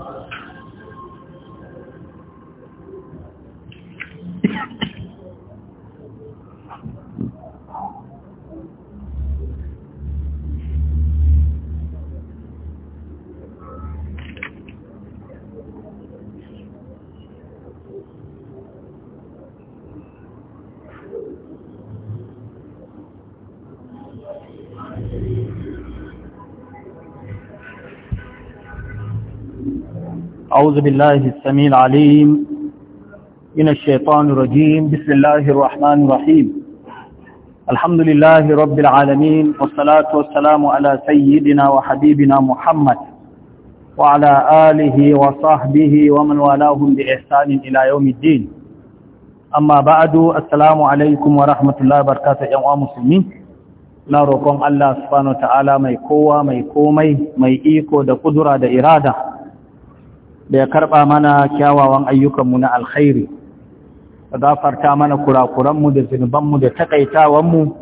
Thank you. أعوذ بالله السميع العليم من الشيطان الرجيم بسم الله الرحمن الرحيم الحمد لله رب العالمين والصلاة والسلام على سيدنا وحبيبنا محمد وعلى آله وصحبه ومن والاهم بإحسان إلى يوم الدين amma ba'adu assalamu alaikum wa rahmatullahi barkata yan uwa musulmi na roƙon Allah subhanahu ta'ala mai kowa mai komai mai iko da kudura da irada da ya karɓa mana kyawawan ayyukanmu na alkhairi da gafarta mana kurakuranmu da zunubanmu da takaitawanmu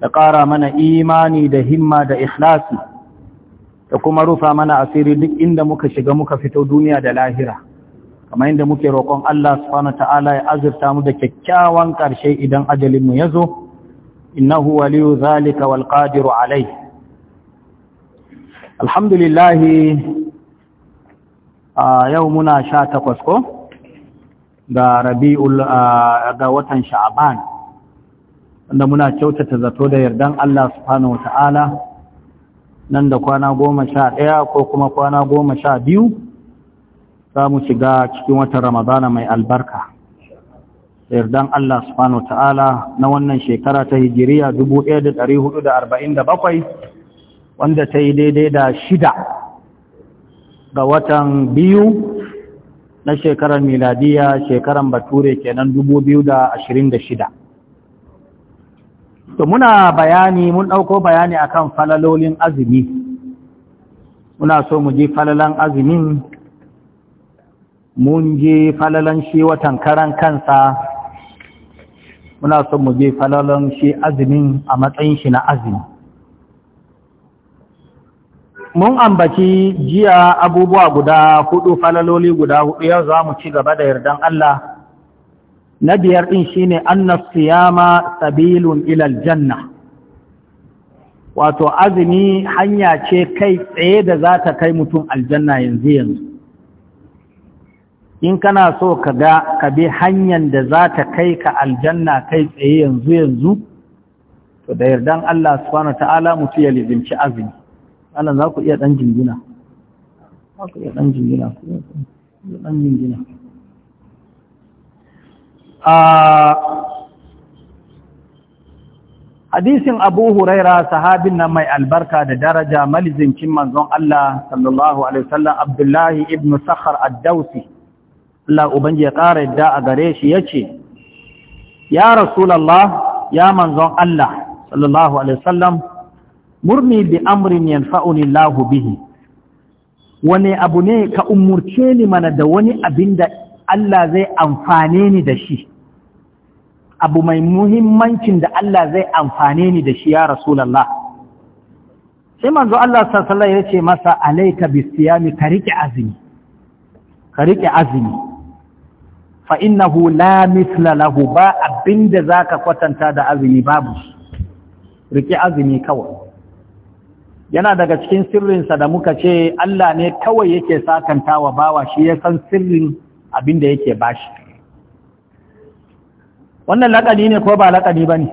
da ƙara mana imani da himma da ikhlasi da kuma rufa mana asiri duk inda muka shiga muka fito duniya da lahira kamar inda muke roƙon Allah subhanahu ta'ala ya azurta mu da kyakkyawan ƙarshe idan ajalinmu ya zo innahu waliyu zalika wal qadiru alayh alhamdulillah a yau muna sha takwas ko ga rabi'ul ga watan sha'aban wanda muna kyautata zato da yardan Allah subhanahu wata'ala nan da kwana goma sha ɗaya ko kuma kwana goma sha biyu za mu shiga cikin watan ramadana mai albarka yardan Allah subhanahu wata'ala na wannan shekara ta hijiriya da bakwai, wanda ta yi daidai da shida ga watan biyu na shekarar miladiya shekarar bature kenan dubu biyu da da shida. to muna bayani mun ɗauko bayani akan falalolin azumi muna so mu ji falalan azumin mun ji falalan shi watan karan kansa muna so mu ji falalan shi azumin a matsayin shi na azumi mun ambaci jiya abubuwa guda hudu falaloli guda hudu yau za mu ci gaba da yardan Allah na biyar ɗin shine annas siyama sabilun ilal janna wato azumi hanya ce kai tsaye da za ta kai mutum aljanna yanzu yanzu in kana so ka ga ka bi hanyar da za ta kai ka aljanna kai tsaye yanzu yanzu to da yardan Allah subhanahu ta'ala mutu ya lizinci azumi ana za ku iya ɗan jingina za ku iya ɗan jingina ku iya ɗan jingina hadisin abu huraira sahabin nan mai albarka da daraja malizincin manzon Allah sallallahu alaihi wasallam abdullahi ibn sakhar ad-dausi Allah ubangi ya ƙara yadda a gare shi ce, ya rasulallah, ya manzon Allah sallallahu alaihi wasallam murni bi amrin yanfa'uni lahu bihi wani abu ne ka umurce ni mana da wani abin da Allah zai amfane ni da shi abu mai muhimmancin da Allah zai amfane ni da shi ya Rasulallah sai manzo Allah sallallahu ya ce masa alaika bisiyami ka rike azumi ka rike azumi fa innahu la mithla lahu ba abinda zaka kwatanta da azumi babu rike azumi kawai yana daga cikin sirrinsa da muka ce Allah ne kawai yake sakanta wa bawa shi ya san sirrin abin da yake bashi wannan laƙani ne ko ba laƙani ba ne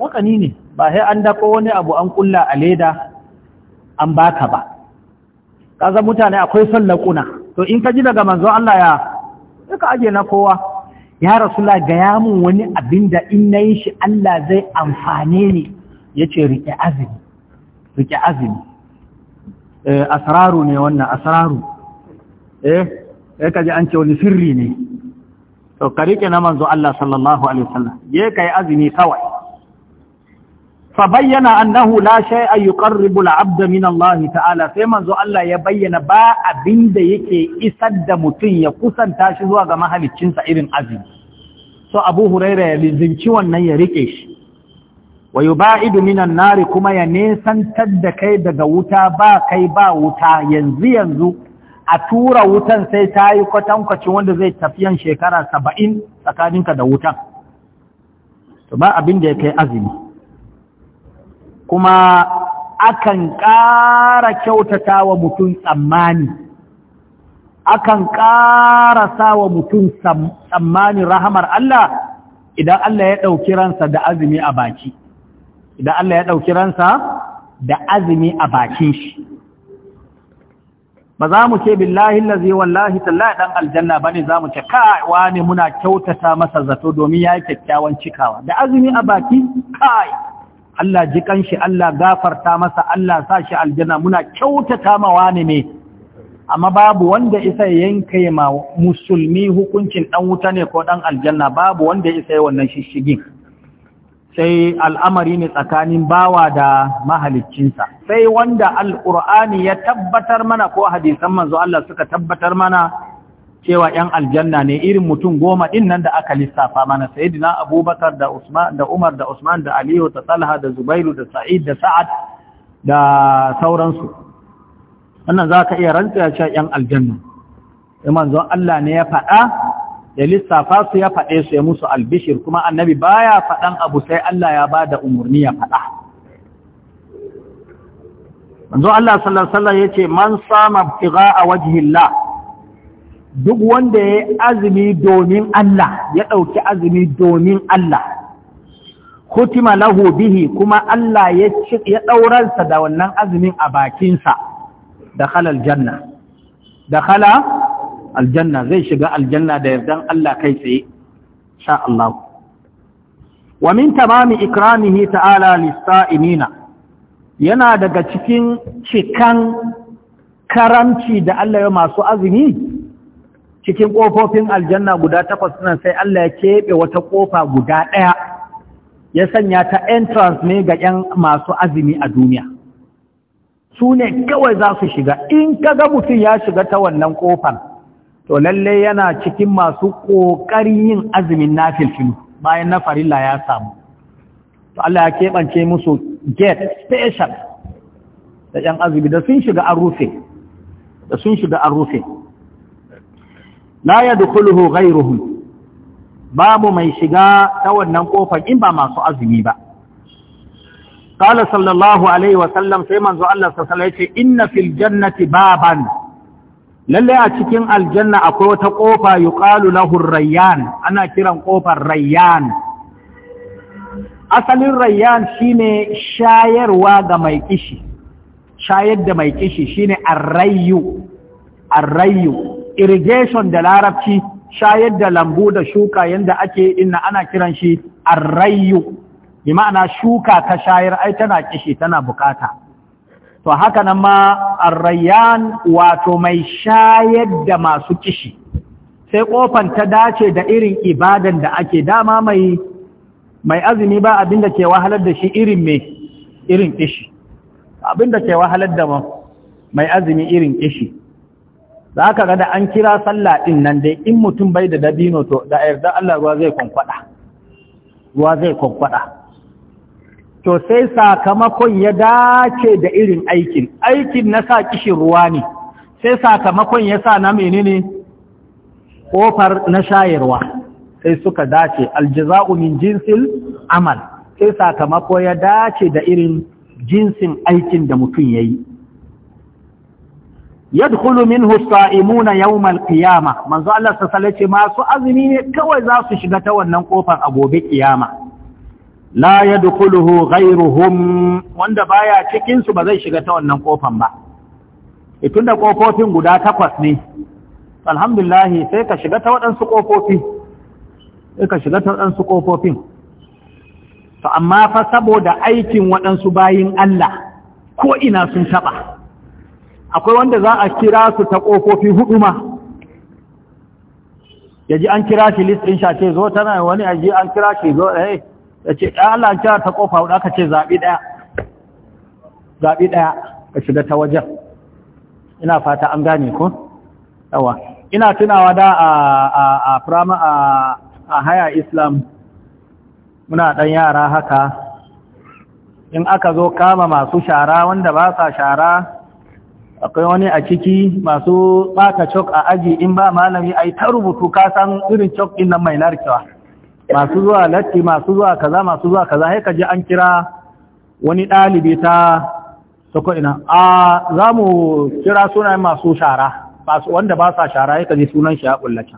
Laƙani ne ba sai an dako wani abu an kulla a leda an baka ba kaza mutane akwai son lakuna to in ka ji daga manzo Allah ya duka aje na kowa ya rasula ga yamun wani abin da in na yi shi Allah zai amfane ni yace rike azumi rike azumi eh, Asararu ne wannan asararu. eh kaji an ce wani sirri ne to ka riƙe na manzo Allah sallallahu alaihi wasallam je kai azumi kawai fa bayyana annahu la ayyukan yuqarribu al-'abda min Allah ta'ala sai manzo Allah ya bayyana ba abinda yake isar da mutun ya kusanta shi zuwa ga mahaliccinsa irin azumi so Abu huraira ya lizinci wannan ya rike shi wa yubaidu minan nari kuma ya nesantar da kai daga wuta ba kai ba wuta yanzu yanzu a tura wutan sai ta yi kwatankwacin wanda zai tafiyan shekara saba'in tsakaninka da wutan to ba abin da ya kai azumi kuma akan ƙara kyautata wa mutum tsammani akan ƙara sa wa mutum tsammanin rahamar Allah idan Allah ya ɗauki ransa da azumi a baki Da Allah ya ɗauki ransa da azumi a bakin shi ba za mu ce billahi lazi wallahi tallahi ɗan aljanna ba ne za mu ce kaiwa ne muna kyautata masa zato domin ya yi kyakkyawan cikawa da azumi a baki kai Allah ji kanshi Allah gafarta masa Allah sa shi aljanna muna kyautata ma wani ne amma babu wanda isa yanka ma musulmi hukuncin ɗan wuta ne ko ɗan aljanna babu wanda isa yi wannan shishigin sai al'amari ne tsakanin bawa da mahalicinsa sai wanda al'ur'ani ya tabbatar mana ko hadisan manzo Allah suka tabbatar mana cewa ‘yan aljanna ne irin mutum goma ɗin nan da aka lissafa mana dina abubakar da umar da usman da aliyu da talha da zubairu da sa'id da sa'ad da sauransu wannan za ka iya rantsa ce ‘yan aljanna manzon Allah ne ya faɗa ya lissafa su ya faɗe su ya musu albishir kuma annabi baya faɗan abu sai Allah ya bada umarni ya faɗa manzo Allah sallallahu alaihi wasallam yace man sama a wajhillah duk wanda ya azumi domin Allah ya ɗauki azumi domin Allah hutima lahu bihi kuma Allah ya ɗaurarsa da wannan azumin a bakinsa da halal janna da kala. aljanna zai shiga aljanna da yardan Allah kai tsaye sha Allah wa min tamami ikramihi ta'ala lis-sa'imina yana daga cikin cikan karamci da Allah ya masu azumi cikin ƙofofin aljanna guda takwas nan sai Allah ya keɓe wata ƙofa guda ɗaya ya sanya ta entrance ne ga ‘yan masu azumi a duniya su ne kawai za su shiga in kaga mutum ya shiga ta wannan ƙofar to lalle yana cikin masu ƙoƙarin yin azumin nafilfin bayan na farilla ya samu to Allah ya keɓance musu get special da ‘yan azumi da sun shiga an rufe da sun shiga an rufe la ya dukuluhu babu mai shiga ta wannan kofar in ba masu azumi ba qala sallallahu alaihi wa sallam sai manzo Allah sallallahu alaihi wa sallam ya inna fil jannati baban lallai a cikin aljanna akwai wata ƙofa ƙalu na rayyan ana kiran ƙofar rayyan asalin rayyan shine shayarwa ga mai kishi shayar da mai kishi Shi shine arrayu arrayu irrigation da larabci shayar da lambu da shuka yadda ake inna ana kiran shi arrayu bi ma'ana shuka ta shayar ai tana kishi tana bukata to haka nan ma arrayan wato mai shayar da masu kishi sai kofan ta dace da irin ibadan da ake dama mai mai azumi ba abinda ke wahalar da shi irin mai irin kishi abinda ke wahalar da mai azumi irin kishi za ka ga da an kira sallah din nan dai in mutum bai da dabino to da yarda Allah ruwa zai kwankwada ruwa zai kwankwada to sai sakamakon ya dace da irin aikin aikin na sa kishin ruwa ne sai sakamakon ya sa na menene kofar na shayarwa sai suka dace aljaza'u min jinsil amal sai sakamako ya dace da irin jinsin aikin da mutum yayi yadkhulu minhu as-sa'imuna yawm al-qiyamah manzo Allah sallallahu alaihi masu azumi ne kawai za su shiga ta wannan kofar a gobe kiyama la yadkhuluhu ghayruhum wanda baya cikin su ba zai shiga ta wannan kofan ba itun e, da kofofin guda takwas ne alhamdulillah sai ka shiga ta waɗansu kofofi sai ka shiga ta waɗansu kofofin to amma fa saboda aikin waɗansu bayin Allah ko ina sun taɓa akwai wanda za a kira su ta kofofi hudu ma yaji an kira shi list din shace zo tana wani aji an kira shi zo eh Da ce Allah ta ta kofa hudu aka ce zaɓi ɗaya zaɓi ɗaya ka shiga ta wajen ina fata an gane ku? yawa ina tunawa da a a a haya islam muna ɗan yara haka in aka zo kama masu shara wanda ba sa shara akwai wani a ciki masu ɓata cok a aji in ba malami a yi ta rubutu kasan irin cok ɗin nan mai narkewa masu zuwa latti masu zuwa kaza masu zuwa kaza sai ka ji an kira wani ɗalibi ta soko ina a za mu kira sunayen masu shara Masu wanda ba sa shara sai kaje ji sunan shi ya bullace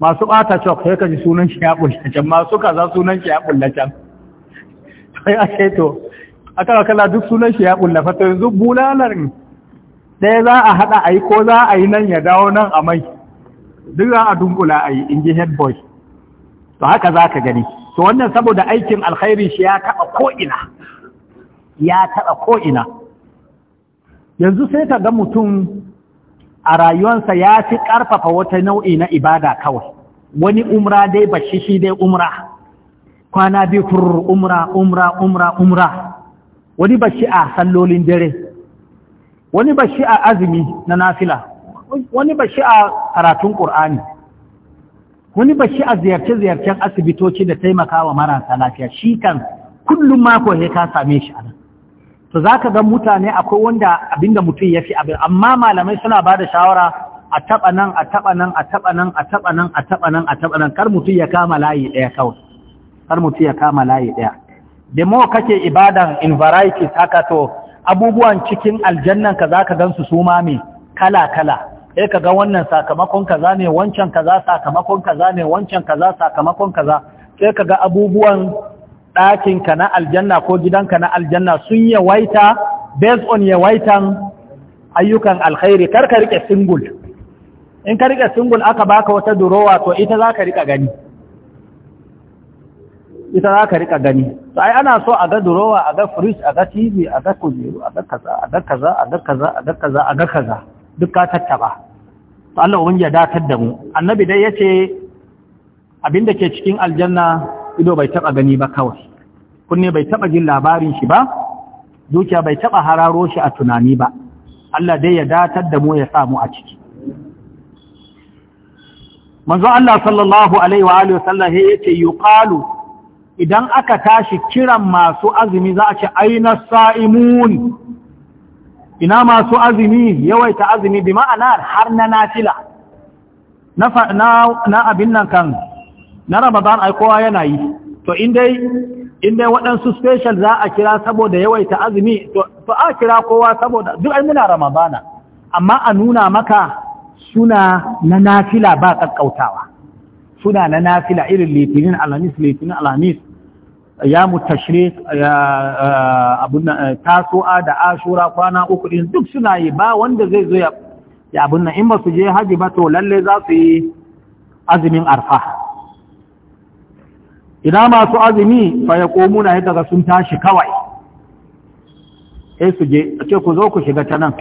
masu ɓata cok sai kaje ji sunan shi ya bullace masu kaza sunan shi ya bullace sai a ce to aka ga kala duk sunan shi ya bullafa to yanzu bulalar ɗaya za a haɗa ai ko za a yi nan ya dawo nan a mai duk za a dunkula ai in ji head boy to haka za ka gani to wannan saboda aikin alkhairi shi ya taɓa ko'ina ya taɓa ko'ina yanzu sai ka ga mutum a rayuwansa ya fi ƙarfafa wata nau'i na ibada kawai wani umra dai ba shi shi dai umra kwana biyu furur umra umra umra umra wani ba shi a sallolin dare wani ba shi a azumi na nafila wani ba shi a karatun ƙur'ani wani bashi a ziyarce-ziyarcen asibitoci da taimaka wa marasa lafiya shi kan kullum mako ya ka same shi a to za ka gan mutane akwai wanda abinda mutum ya fi abin amma malamai suna ba da shawara a taɓa nan a taɓa nan a taɓa nan a taɓa nan a taɓa nan a taɓa nan kar mutum ya kama layi ɗaya kawai kar mutum ya kama layi ɗaya da mawa kake ibadan in varieties haka to abubuwan cikin aljannan ka za ka gan su suma me kala kala eh kaga wannan sakamakon kaza ne wancan kaza sakamakon kaza ne wancan kaza sakamakon kaza sai kaga abubuwan ɗakin ka na aljanna ko gidanka na aljanna sun yawaita based on yawaitan ayyukan alkhairi kar ka rike single in ka rike single aka baka wata durowa to ita za ka rika gani ita za ka rika gani to ai ana so a ga durowa a ga fridge a ga tv a ga kujeru a ga kaza a ga kaza a ga kaza a ga kaza a ga kaza duk ka tattaba to Allah ubangi ya datar da mu annabi dai yace abinda ke cikin aljanna ido bai taba gani ba kawai kunne bai taba jin labarin shi ba dukiya bai taba hararo shi a tunani ba Allah dai ya datar da mu ya samu a ciki manzo Allah sallallahu alaihi wa alihi wasallam yace yuqalu idan aka tashi kiran masu azumi za a ce aina sa'imun ina masu azumi yawaita azumi bi ma'ana har na nafila na abin nan kan na ramadan ai kowa yana yi to indai indai waɗansu special za a kira saboda yawaita azumi to a kira kowa saboda duk ai muna ramadana amma a nuna maka suna na nafila ba kakkautawa suna na nafila irin litinin alhamis litinin alhamis ya mutashrik eh, abun eh, tasu'a da ashura kwana uku ɗin duk suna yi ba wanda zai zo ya abun nan in ba su je haji ba to lalle za su yi azumin arfa ina masu azumi fa ya komu na yadda sun tashi kawai sai su je a ce ku zo ku shiga ta nan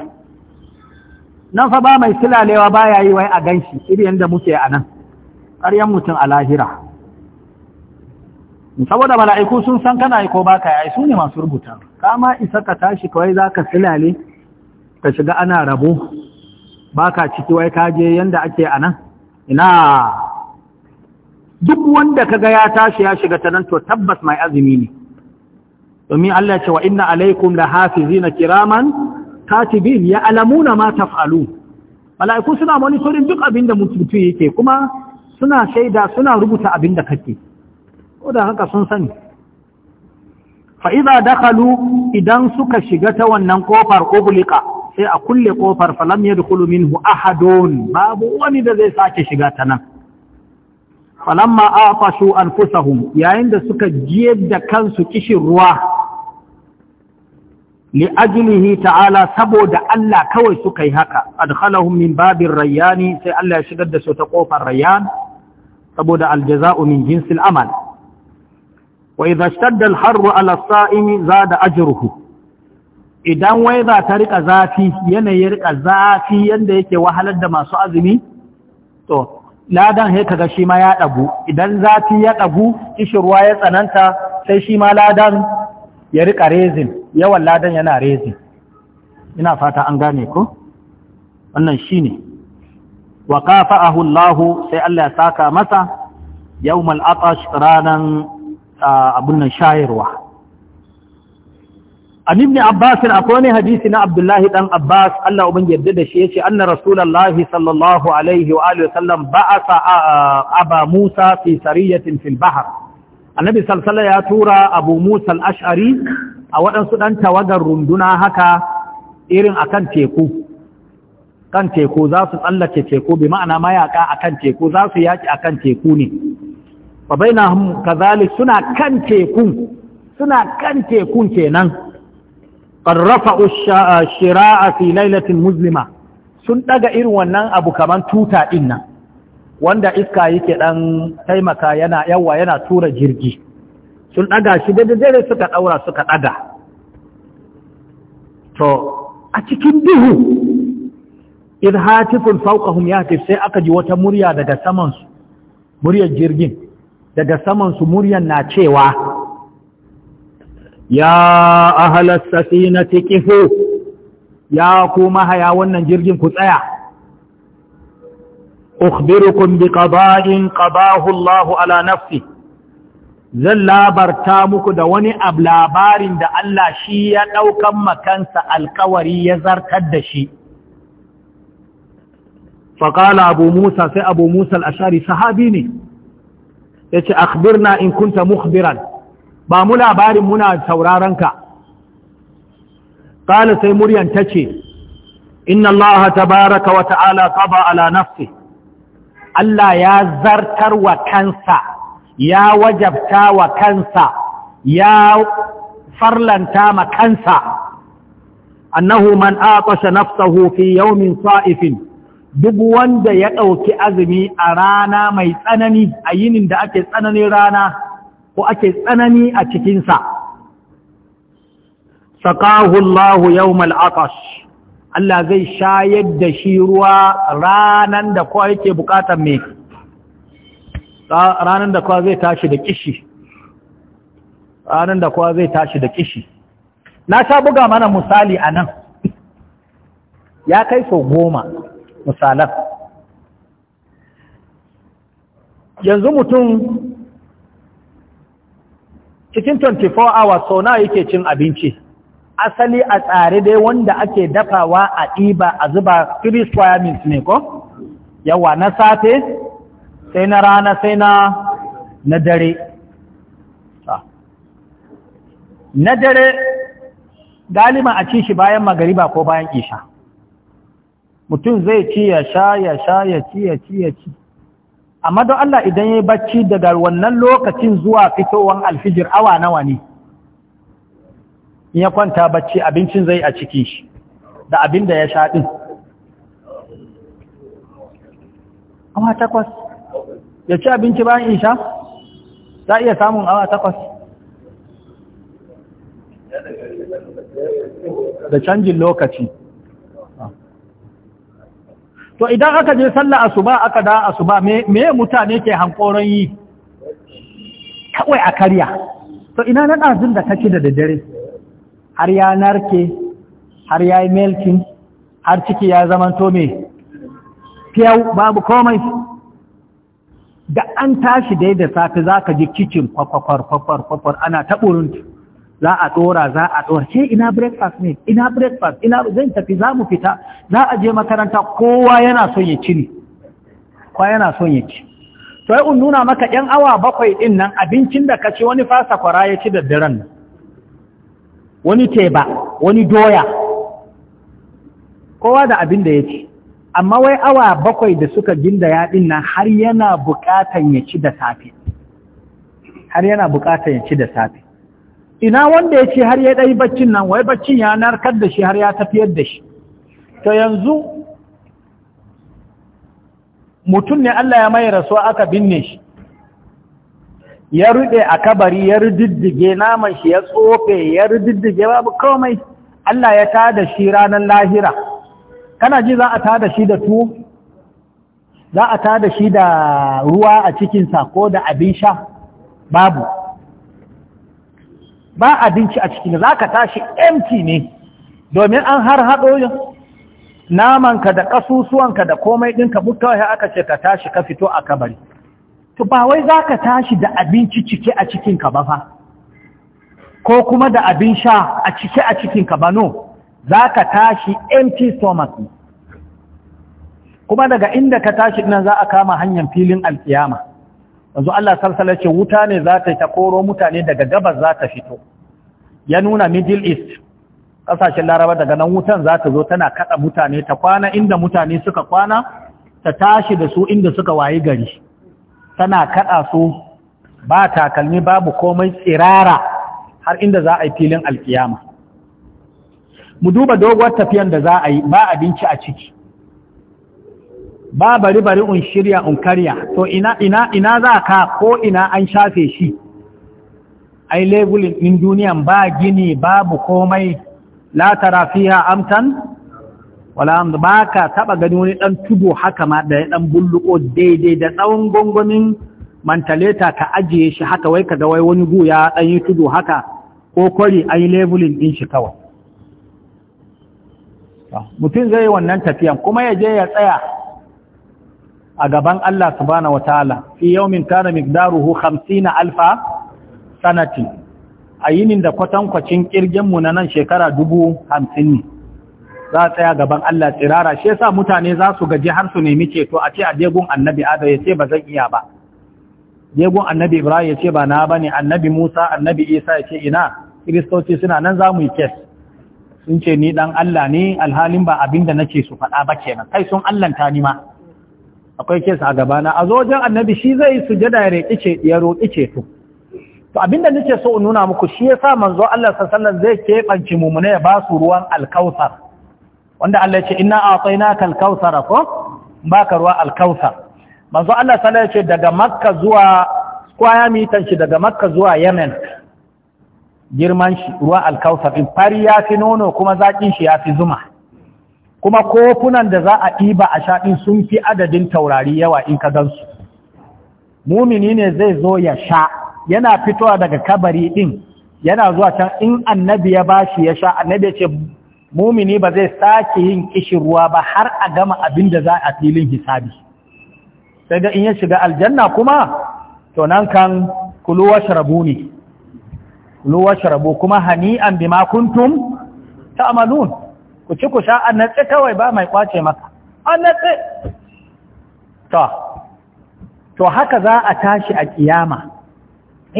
nan fa ba mai silalewa ba ya yi wai a ganshi iri yadda muke a nan ƙaryan mutum a lahira saboda mala'iku sun san kana yi ko ba ka yi su ne masu rubuta kama isa ka tashi kawai za ka silale ka shiga ana rabo ba ka ciki wai ka yadda ake a nan ina duk wanda kaga ya tashi ya shiga ta nan to tabbas mai azumi ne domin Allah ce wa inna alaikum la hafizina kiraman katibin ya alamuna ma taf'alu mala'iku suna monitorin duk abin da mutum yake kuma suna shaida suna rubuta abin da kake ko da haka sun sani fa'iza dakalu idan suka shiga ta wannan ƙofar obulika sai a kulle ƙofar falam ya dukulu minhu ahadon babu wani da zai sake shiga ta nan falamma a fashu an fusahun yayin da suka jiyar da kansu kishin ruwa li'ajilihi ta'ala saboda Allah kawai suka yi haka adhalahum min babin rayyani sai Allah ya shigar da su ta ƙofar rayyan saboda aljaza'u min jinsil amal wa idha shadda al-harru ala as-sa'imi zada idan waiza ta rika zafi yanayi rika zafi yanda yake wahalar da masu azumi to ladan sai kaga shi ma ya dagu idan zafi ya dagu kishirwa ya tsananta sai shi ma ladan ya rika rezin yawan ladan yana rezin ina fata an gane ko wannan shine wa qafa'ahu sai Allah ya saka masa yawmal atash ranan abun nan shayarwa an ibn abbas akwai wani hadisi na abdullahi ɗan abbas Allah uban yadda da shi ya yace anna rasulullahi sallallahu alaihi wa alihi wasallam a aba musa fi sariyatin fil bahr annabi salsala ya tura abu musa al’ashari a waɗansu ɗan tawagar runduna haka irin akan teku kan teku za su tsallake teku bi ma'ana mayaka akan teku za su yaki akan teku ne wa bainahum kadhalik suna kan tekun suna kan tekun kenan ƙarrafa rafa'u ah, shira'a fi lailatin muslima sun ɗaga irin wannan abu kaman tuta din nan wanda iska yake ɗan taimaka yana yawa yana tura jirgi sun daga shi da suka daura suka ɗaga. to a cikin duhu idhatifun fawqahum yatif sai aka ji wata murya daga saman su muryar jirgin daga samansu muryan na cewa ya ahalar safina tikifu ya kuma haya wannan jirgin ku tsaya ukhbirukum bi qada'in qadahu Allah ala nafsi zan labarta muku da wani ablabarin da Allah shi ya ɗaukan makansa alkawari ya zartar da shi qala abu musa sai abu musa al-ashari sahabi ne yace akhbirna in kunta mukhbiran ba mu labarin muna sauraron ka qala sai muryan tace inna allaha tabaraka wa ta'ala qada ala nafsi Allah ya zartar wa kansa ya wajabta wa kansa ya farlanta ma kansa annahu man atasha nafsahu fi yawmin sa'ifin duk wanda ya ɗauki azumi a rana mai tsanani a yinin da ake tsananin rana ko ake tsanani a cikinsa sakahullahu yau mal’afas, Allah zai sha yadda shi ruwa ranan da kowa yake bukatar me ranan da kowa zai tashi da kishi ranan da kowa zai tashi da kishi na sha buga mana misali a nan ya kai so goma misalan yanzu mutum cikin 24 hours so na yake cin abinci asali a tsare dai wanda ake dafawa a ɗiba a zuba 3 square meals ne ko yawa na safe sai na rana sai na na dare ah. na dare galiba a ci shi bayan magariba ko bayan isha mutum zai ci ya sha ya sha ya ci ya ci ya ci amma don Allah idan ya yi bacci daga wannan lokacin zuwa fitowar alfijir awa nawa ne ya kwanta bacci abincin zai a ciki da abin da ya sha ɗin awa takwas ya ci abinci bayan isha za iya samun awa takwas da canjin lokaci to idan aka je sallah asuba aka da asuba me mutane ke hankoron yi kawai a karya to ina na ɗazin da kake da daddare har ya narke har ya yi melkin har ciki ya zamanto me fiyau babu komai da an tashi dai da safe za ka ji kicin kwakwakwar, kwakwar, kwakwar ana taɓurinta za a dora za a dora ce ina breakfast ne ina breakfast ina zan tafi za mu fita za a je makaranta kowa yana son ya ci ne kowa yana son ya ci to in nuna maka yan awa bakwai din nan abincin da ka ci wani fasa kwara ya ci da daren wani teba wani doya kowa da abin da ya ci amma wai awa bakwai da suka ginda yaɗin nan har yana bukatan ya ci da safe har yana buƙatan ya ci da safe ina wanda ya ce har ya ɗai baccin nan wai baccin ya narkar da shi har ya tafiyar da shi to yanzu mutum ne Allah ya mai rasuwa aka binne shi ya ruɗe a kabari ya riddige naman shi ya tsofe ya riddige babu komai Allah ya tada shi ranar lahira kana ji za a tada shi da tuwo za a tada shi da ruwa a cikinsa ko da abin sha babu ba abinci a ciki za ka tashi empty ne domin an har haɗo namanka da ƙasusuwanka da komai ɗinka bukawai aka ce ka tashi ka fito a kabari to ba wai za ka tashi da abinci cike a cikinka ba fa ko kuma da abin sha a cike a cikinka ba no za ka tashi empty stomach kuma daga inda ka tashi nan za a kama hanyar filin alkiyama yanzu Allah sarsala ce wuta ne za ta ta koro mutane daga gabas za ta fito ya nuna middle east ƙasashen laraba daga nan wutan za ta zo tana kaɗa mutane ta kwana inda mutane suka kwana ta tashi da su inda suka wayi gari tana kaɗa su ba takalmi babu komai tsirara har inda za a yi filin alkiyama mu duba doguwar tafiyan da za a yi ba abinci a ciki ba bari bari un shirya un karya to ina ina ina za ka ko ina an shafe shi ai labelin din duniyan ba gini babu komai la tara fiha amtan wala am ba ka taba gani wani dan tudu haka ma da dan bulluko daidai da tsawon gongonin mantaleta ka ajiye shi haka wai ka ga wai wani gu ya dan yi tudu haka ko kwari ai labelin din shi kawai mutum zai yi wannan tafiyan kuma ya je ya tsaya a gaban Allah subhanahu wataala fi yawmin kana miqdaruhu na alfa sanati ayinin da kwatankwacin kirgin mu na nan shekara 50 ne za a tsaya gaban Allah tsirara shi yasa mutane za su gaji har su nemi ceto a ce a jegun annabi Adam ya ce ba zan iya ba jegun annabi Ibrahim ya ce ba na bane annabi Musa annabi Isa ya ce ina kiristoci suna nan za mu yi kes sun ce ni dan Allah ne alhalin ba abin da nace su faɗa ba kenan kai sun allanta ni ma akwai kesa a gabana a zo wajen annabi shi zai sujada ya roƙi ce ya roƙi ceto to abinda nake so in nuna muku shi yasa manzo Allah sallallahu zai keɓanci mumune ya ba su ruwan alkausar wanda Allah ya ce inna a'tainaka alkausara ko baka ruwa alkausar manzo Allah sallallahu ya ce daga makka zuwa kwaya mitan shi daga makka zuwa yemen girman shi ruwa alkausar in fari ya fi nono kuma zaƙin shi ya fi zuma kuma kofunan da za a ɗiba a shaɗin sun fi adadin taurari yawa in ka gansu mumini ne zai zo ya sha yana fitowa daga kabari ɗin yana zuwa can in annabi ya bashi ya sha annabi ya ce mumini ba zai sake yin ruwa ba har a gama abin da za a filin hisabi sai ga in ya shiga aljanna kuma to nan kan kulu sharabu ne kulu sharabu kuma hani'an bima kuntum ta'malun ku ci ku sha an natsi kawai ba mai kwace maka an natsi to to haka za a tashi a kiyama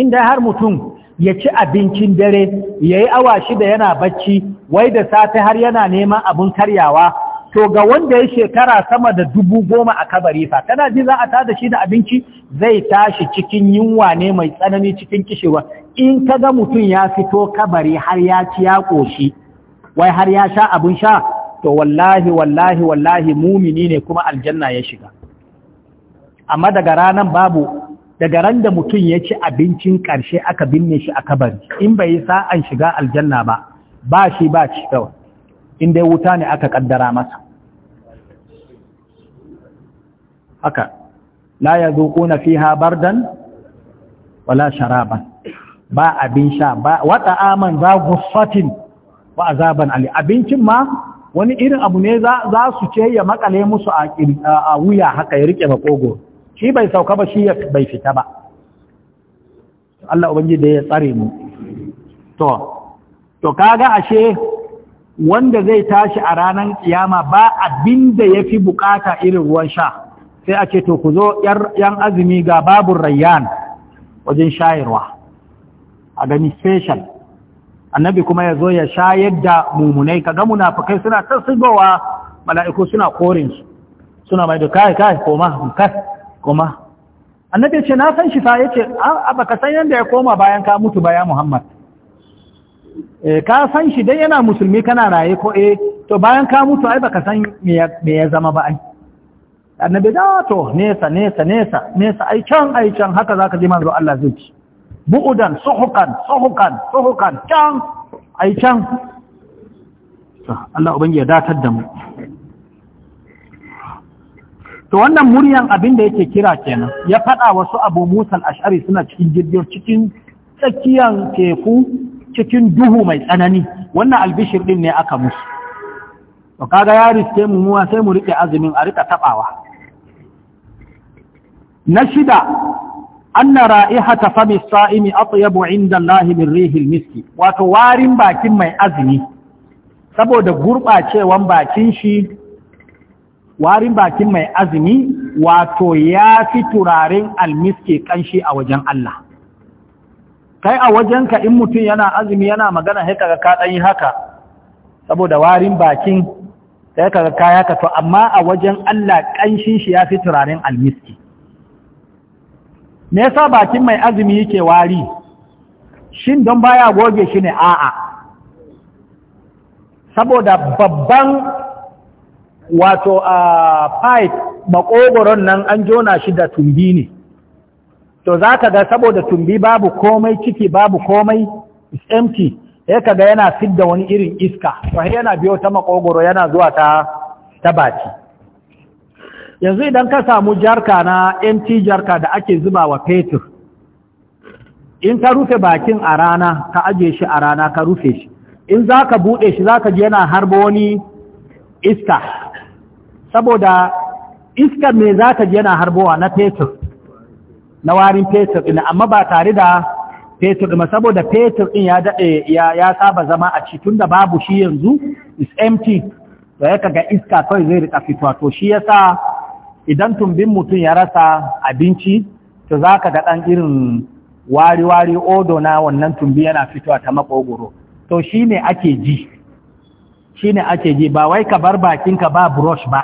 inda har mutum ya ci abincin dare ya yi awa shida yana bacci wai da safe har yana neman abin karyawa to ga wanda ya shekara sama da dubu goma a kabari fa kana ji za a tada shi da abinci zai tashi cikin yunwa ne mai tsanani cikin kishewa in ka ga mutum ya fito kabari har ya ci ya ƙoshi wai har ya sha abun sha to wallahi wallahi wallahi mumini ne kuma aljanna ya shiga amma daga ranan babu daga ran da mutum ya ci abincin ƙarshe aka binne shi a kabari in bai yi an shiga aljanna ba ba shi ba ci kawai in dai wuta ne aka kaddara masa haka la yazuquna fiha bardan wala sharaban ba abin sha ba wata aman za gussatin wa azaban ali abincin ma wani irin abu ne za su ce ya makale musu a wuya haka ya rike makogo shi bai sauka ba shi bai fita ba Allah ubangi da ya tsare mu to to kaga ashe wanda zai tashi a ranar kiyama ba abinda yafi ya fi bukata irin ruwan sha sai a ce to ku zo yan azumi ga babu rayyan wajen shayarwa a gani special annabi kuma ya zo ya shayar da ka ga munafukai suna ta sigowa mala'iku suna korin su suna mai da kai kai koma kai koma annabi ce na san shi ta yace a baka san yadda ya koma bayan ka mutu baya Muhammad eh, ka san shi dai yana musulmi kana raye ko eh to bayan ka mutu ai baka san me ya zama ba ai annabi da ah, to nesa nesa nesa nesa ai can ai can haka zaka ji manzo Allah zai ci bu'udan suhukan suhukan suhukan can ai can ah, Allah ubangi ya datar da mu to wannan muryan abin da yake kira kenan ya faɗa wasu abu musal ash'ari suna cikin jirgin cikin tsakiyar teku cikin duhu mai tsanani wannan albishir din ne aka musu to kaga ya riske mu muwa sai mu rike azumin a rika taɓawa. na shida anna ra'ihata fami sa'imi atyabu inda Allah min rihil miski wato warin bakin mai azumi saboda gurbacewan bakin shi warin bakin mai azumi wato ya fi turaren almiski kanshi a wajen Allah kai a wajen ka in mutum yana azumi yana magana sai kaga ka dan yi haka saboda warin bakin sai kaga kaya ka to amma a wajen Allah kanshin shi ya fi turaren almiski me yasa bakin mai azumi yake wari shin don baya goge shi ne a'a saboda babban wato a pipe makogoron nan an jona shi da tumbi ne to za ka ga saboda tumbi babu komai ciki babu komai is empty ya ka ga yana fidda wani irin iska to yana biyo ta makogoro yana zuwa ta ta baki yanzu idan ka samu jarka na mt jarka da ake zuba wa fetur in ka rufe bakin a rana ka ajiye shi a rana ka rufe shi in za ka buɗe shi za ka ji yana harba wani iska saboda iska me za ka ji yana harbowa na fetur na warin fetur ɗin amma ba tare da fetur ɗin saboda fetur ɗin ya daɗe ya saba zama a ci tun da babu shi yanzu is empty to ya kaga iska kawai zai rika fitowa to shi yasa idan tumbin mutum ya rasa abinci to za ka ɗan irin wari-wari odo na wannan tumbi yana fitowa ta makogoro to shi ne ake ji shi ne ake ji ba wai ka bar bakinka ba brush ba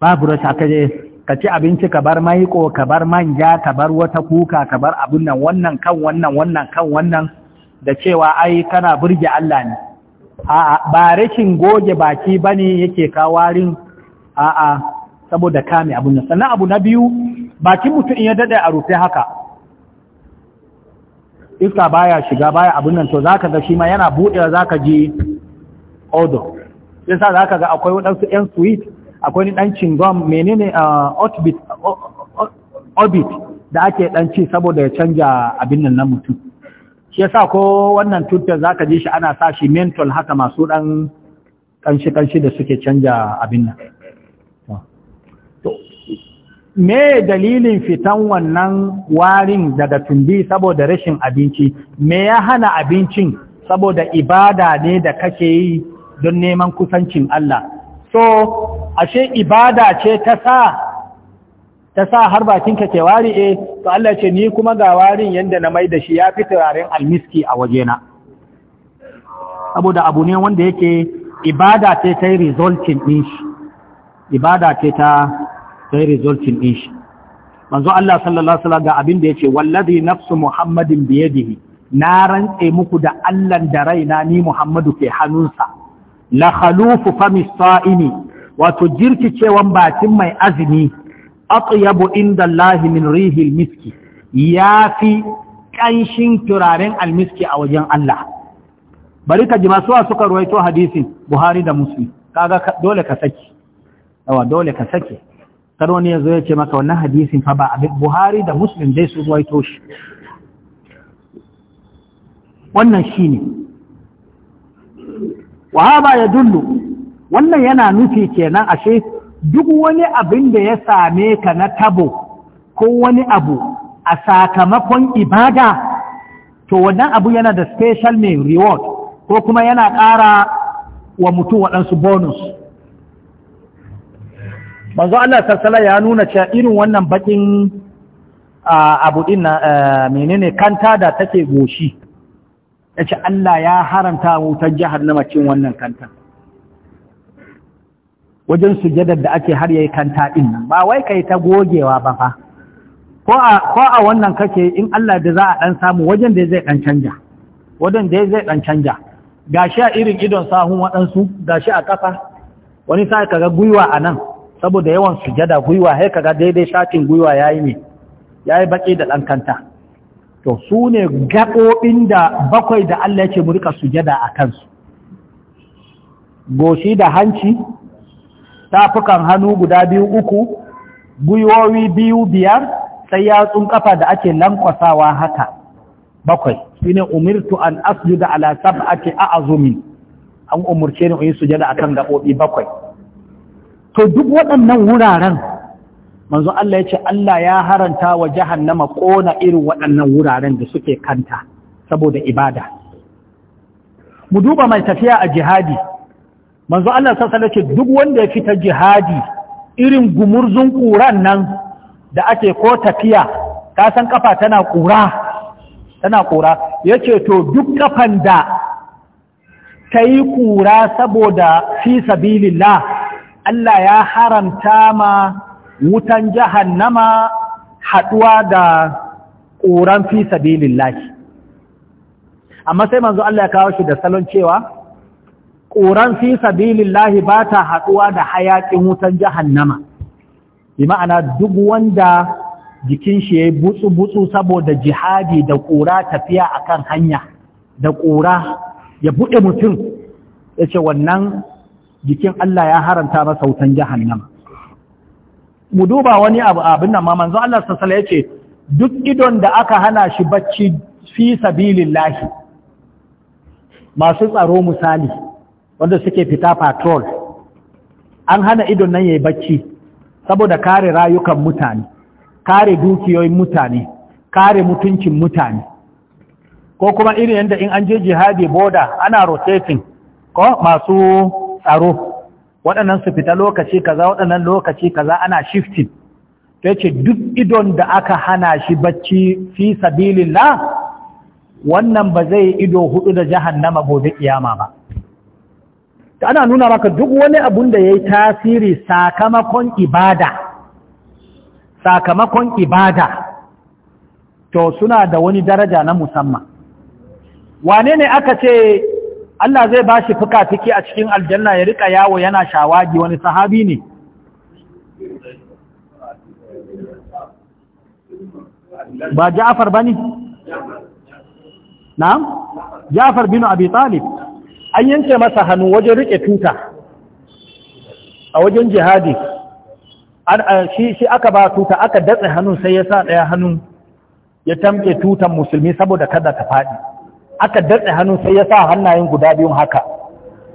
ba brush aka je ka ci abinci ka bar maiko ka bar manja ka bar wata kuka ka bar abin nan wannan kan wannan wannan kan wannan da cewa ai kana burge Allah ne a'a ba rashin goge baki bane yake kawarin a'a saboda kame abun nan sannan abu na biyu bakin mutum in ya dade a rufe haka iska baya shiga baya abun nan to zaka ga shi ma yana budewa zaka ji odo sa zaka ga akwai wadansu yan suit, akwai ni dan cingom menene orbit orbit da ake dan ci saboda ya canja abin nan na mutum shi yasa ko wannan tutar zaka ji shi ana sa shi mental haka masu dan kanshi kanshi da suke canja abin nan me dalilin fitan wannan warin daga tumbi saboda rashin abinci me ya hana abincin saboda ibada ne da kake yi don neman kusancin Allah so ashe ibada ce ta sa ta sa har bakin ke wari e to Allah ce ni kuma ga warin yadda na mai da shi ya fi turaren almiski a wajena saboda abu ne wanda yake ibada ce ta yi resulting din shi ibada ce ta sai resultin din shi manzo Allah sallallahu alaihi wasallam ga abin da ya ce wallazi nafsu muhammadin biyadihi na rantse muku da Allah da raina ni muhammadu ke hannunsa la khalufu fami ini, wato jirkicewan bakin mai azumi atyabu inda Allah min rihil miski fi kanshin turaren almiski a wajen Allah bari ka ji masu suka ruwaito hadisin Buhari da Musulmi, kaga dole ka dole ka sake kar wani ya ce maka wannan hadisin fa ba abin buhari da muslim dai su ito shi wannan shi ne wahaba ya dullu wannan yana nufi kenan ashe duk wani abin da ya same ka na tabo ko wani abu a sakamakon ibada to wannan abu yana da special mai reward ko kuma yana ƙara wa mutum waɗansu bonus manzo Allah sarsala ya nuna cewa irin wannan bakin abu din menene kanta da take goshi yace Allah ya haramta wutar jahannama cin wannan kanta wajen sujadar da ake har yayi kanta din nan ba wai kai ta gogewa ba fa ko a ko a wannan kake in Allah da za a dan samu wajen da zai dan canja wajen da zai dan canja gashi a irin idon sahun waɗansu gashi a ƙasa wani ka ga gwiwa a nan saboda yawan sujada gwiwa sai kaga daidai shatin gwiwa yayi ne yayi baƙi da ɗankanta to su ne gaɓoɓin da bakwai da Allah yake mu sujada a kansu goshi da hanci tafukan hannu guda biyu uku gwiwowi biyu biyar sai yatsun ƙafa da ake lankwasawa haka bakwai ne umirtu an asjuda ala sab'ati a'zumi an umurce ni in sujada a kan gaɓoɓi bakwai to duk waɗannan wuraren manzo Allah ya ce Allah ya haranta wa jahannama ƙona irin waɗannan wuraren da suke kanta saboda ibada mu duba mai tafiya a jihadi manzo Allah sassa da ce duk wanda ya fita jihadi irin gumurzun ƙuran nan da ake ko tafiya ka san kafa tana ƙura tana ƙura ya to duk kafan da ta yi ƙura saboda fi sabilillah Allah ya haramta ma wutan jahannama haɗuwa da ƙoran fi sabilillahi amma sai manzo Allah ya kawo shi da salon cewa ƙoran fi sabilillahi ba ta haɗuwa da hayaƙin wutan jahannama bi ma'ana duk wanda jikin shi ya yi butsu-butsu saboda jihadi da ƙura tafiya akan hanya da ƙura ya buɗe mutum ya ce wannan jikin Allah ya haranta masa wutan jahannama mu duba wani abu abin nan ma manzo Allah sassala ya ce duk idon da aka hana shi bacci fi sabilillahi masu tsaro misali wanda suke fita patrol an hana idon nan yayi bacci saboda kare rayukan mutane kare dukiyoyin mutane kare mutuncin mutane ko kuma irin yadda in an je jihadi boda ana rotating ko masu tsaro waɗannan su fita lokaci kaza waɗannan lokaci kaza ana shifting to yace duk idon da aka hana shi bacci fi sabilillah wannan ba zai ido hudu da jahannama gobe kiyama ba ta ana nuna maka duk wani abun da yayi tasiri sakamakon ibada sakamakon ibada to suna da wani daraja na musamman wane ne aka ce Allah zai ba shi fuka-fiki a cikin aljanna ya rika yawo yana shawagi wani sahabi ne ba Ja'far ne? na'am Ja'far bin Abi Talib an yanke masa hannu wajen rike tuta a wajen jihadi shi aka ba tuta aka datse hannu sai ya sa ɗaya hannun ya tamke tutan musulmi saboda kada ta faɗi aka daɗe hannu sai ya sa hannayen guda biyun haka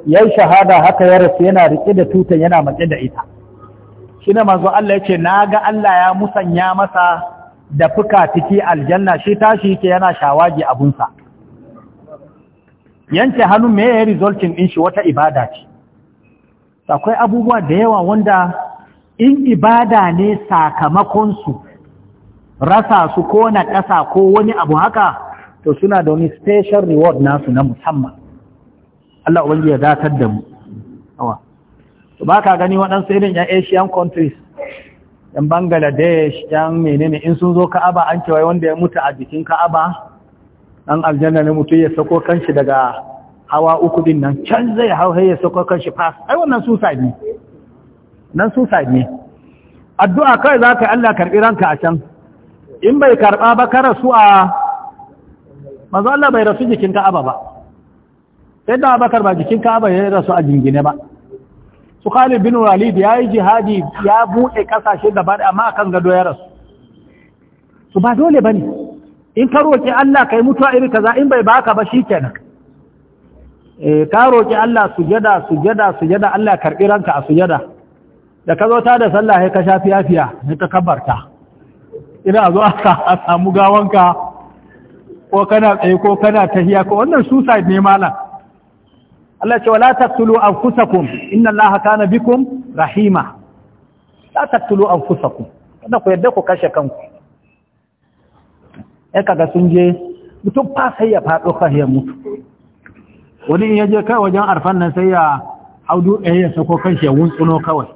ya yi shahada haka ya rasu yana rike da tutan yana matse da ita shi ne manzo Allah ya ce na ga Allah ya musanya masa da fuka tiki aljanna shi tashi yake yana shawagi sa. yanke hannu me ya resultin ɗin shi wata ibada ce akwai abubuwa da yawa wanda in ibada ne sakamakon su rasa su ko na ƙasa ko wani abu haka to suna da wani special reward nasu na musamman Allah ubangiji ya datar da mu awa to ba ka gani waɗansu irin yan Asian countries yan Bangladesh yan menene in sun zo Ka'aba an cewa wanda ya mutu a jikin Ka'aba dan aljanna ne mutu ya sako kanshi daga hawa uku din nan can zai hau ya sako kanshi fas ai wannan suicide ne nan suicide ne addu'a kai za ka Allah karɓi ranka a can in bai karɓa ba ka rasu a mazu Allah bai rasu jikin Ka'aba ba sai da Abakar ba jikin Ka'aba ya rasu a jingine ba su Khalid bin Walid ya yi jihadi ya buɗe ƙasashe da amma akan gado ya rasu su ba dole ba ne. in ka roƙi Allah ka mutu mutuwa iri kaza in bai baka ba shikenan kenan. Eh, ka roƙi Allah sujada sujada sujada Allah karɓi ranka a sujada da ka zo ta da sallah ya ka fiya fiya sai ka kabarta ina zo aka samu gawanka ko kana tsaye ko kana tahiya ko wannan suicide ne malam Allah ce wala taqtulu anfusakum inna Allaha kana bikum rahima la taqtulu anfusakum kada ku yadda ku kashe kanku eh kaga sun je mutum fa sai ya fado fa ya mutu wani in yaje kai wajen arfan nan sai ya haudu eh ya sako kanshi ya wuntsuno kawai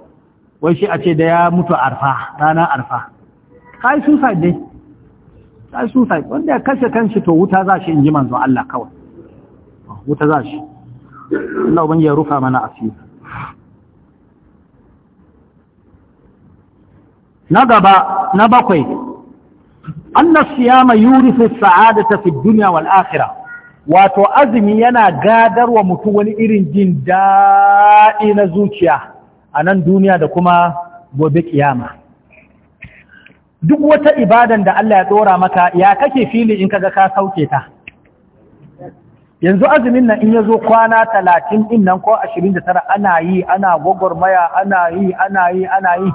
wai shi a ce da ya mutu arfa rana arfa kai suicide ne. ta suicide wanda ya kashe kanshi to wuta za shi in ji manzo Allah kawai wuta za shi Allah ubangi ya rufa mana asiri na gaba na bakwai annas siyama yurifu sa'adata fi dunya wal akhirah wato azumi yana gadarwa mutum wani irin jin daɗi na zuciya a nan duniya da kuma gobe kiyama duk wata ibadan da Allah ya tsora maka ya kake fili in kaga ka sauke ta yanzu azumin nan in ya zo kwana talatin din nan ko ashirin da tara ana yi ana gwagwarmaya ana yi ana yi ana yi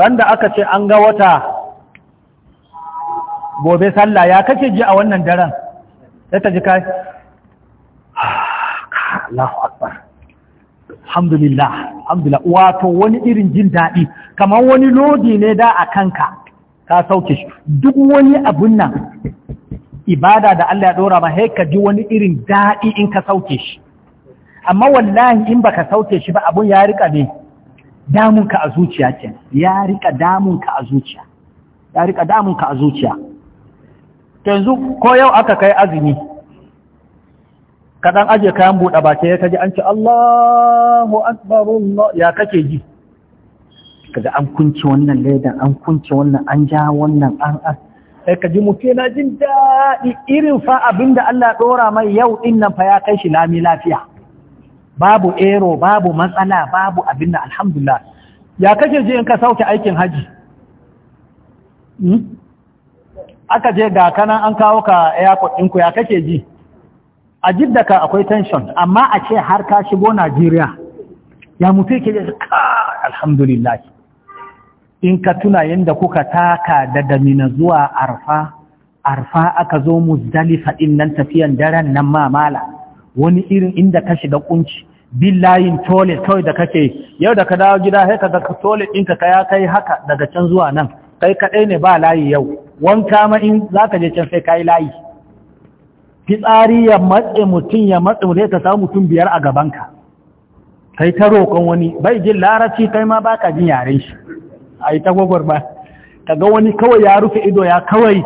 ran da aka ce an ga wata gobe sallah ya kake ji a wannan daren sai ta ji ah, kai Allahu akbar alhamdulillah alhamdulillah wato wani irin jin daɗi kamar wani lodi ne da a kanka ka sauke shi duk wani abun nan ibada da Allah ya ɗora ma sai ka ji wani irin daɗi in ka sauke shi amma wallahi in baka sauke shi ba abun ya rika ne Damun ka a zuciya ce ya rika ka a zuciya ya rika ka a zuciya yanzu ko yau aka kai azumi kaɗan aje kayan buɗe baki ya kaji an ce Allahu akbar Allah ya kake ji kaga an kunce wannan ledan an kunce wannan an ja wannan an an sai ka ji mutum yana jin daɗi irin fa abin da Allah ɗora mai yau ɗin nan fa ya kai shi lami lafiya babu ero babu matsala babu abin da alhamdulillah ya kake je in ka sauke aikin haji hmm? aka je ga kanan an kawo ka airport ɗinku ya kake ji a jidda ka akwai tension amma a ce har ka shigo Najeriya ya mutu yake da alhamdulillah in ka tuna yadda kuka taka da damina zuwa arfa arfa aka zo muzdalifa in nan tafiyan daren nan mamala wani irin inda ka shiga kunci billayin tole kawai da kake yau da ka dawo gida sai ka tole in ka ya kai haka daga can zuwa nan kai kaɗai ne ba layi yau wanka ma in zaka je can sai kai layi fitsari ya matse mutum ya matse mutum ka samu mutum biyar a gabanka kai ta roƙon wani bai jin larabci kai ma baka jin yaren shi a yi ta ba ka ga wani kawai ya rufe ido ya kawai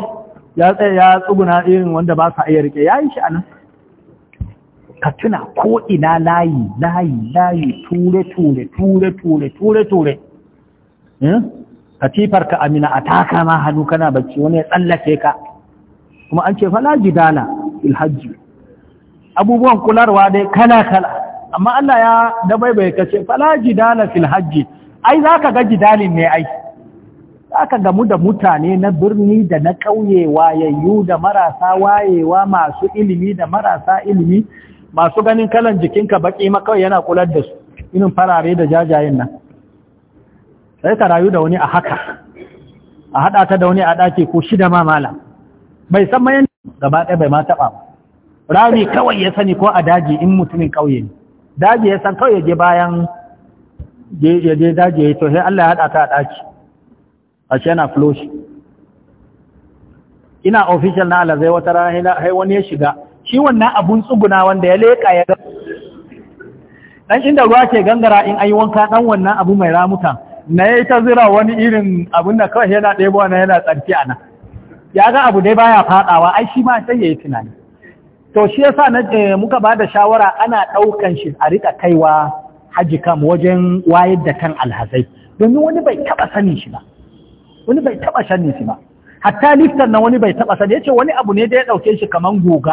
ya tsaye ya tsuguna irin wanda ba sa iya rike ya yi shi a nan ka tuna ko ina layi layi layi ture ture ture ture ture ture hmm? tifar ka amina a taka ma hannu kana bacci wani ya tsallake ka kuma an ce fala jidala ilhajji abubuwan kularwa dai kala kala amma Allah ya dabaibai ka ce fala jidala fil ai za ka ga jidalin ne ai za ka gamu da mutane na birni da na ƙauye wayayyu da marasa wayewa masu ilimi da marasa ilimi masu ganin kalan jikinka baƙi makawai yana kular da su inin farare da jajayen nan sai ka rayu da wani a haka a haɗa ta da wani a ɗaki ko shida ma mala bai san mayan gaba ɗaya bai ma taɓa ba rami kawai ya sani ko a daji in mutumin ƙauye ne daji ya san kawai ya je bayan ya je daji ya yi to sai Allah ya hada ta a ɗaki a shi yana flush ina official na zai wata rana hai wani ya shiga shi wannan abun tsuguna wanda ya leƙa ya ga dan inda ruwa ke gangara in ayi wanka dan wannan abu mai ramuka na yayi ta zira wani irin abun da kawai yana ɗebo na yana tsarki a nan ya ga abu dai baya faɗawa ai shi ma sai yayi tunani to shi yasa na eh, muka ba da shawara ana ɗaukan shi a rika kaiwa hajji kam wajen wayar da kan alhazai domin wani bai taba sani shi ba wani bai taba sani shi ba hatta liftar na wani bai taba sani yace wani abu ne da ya dauke shi kaman goga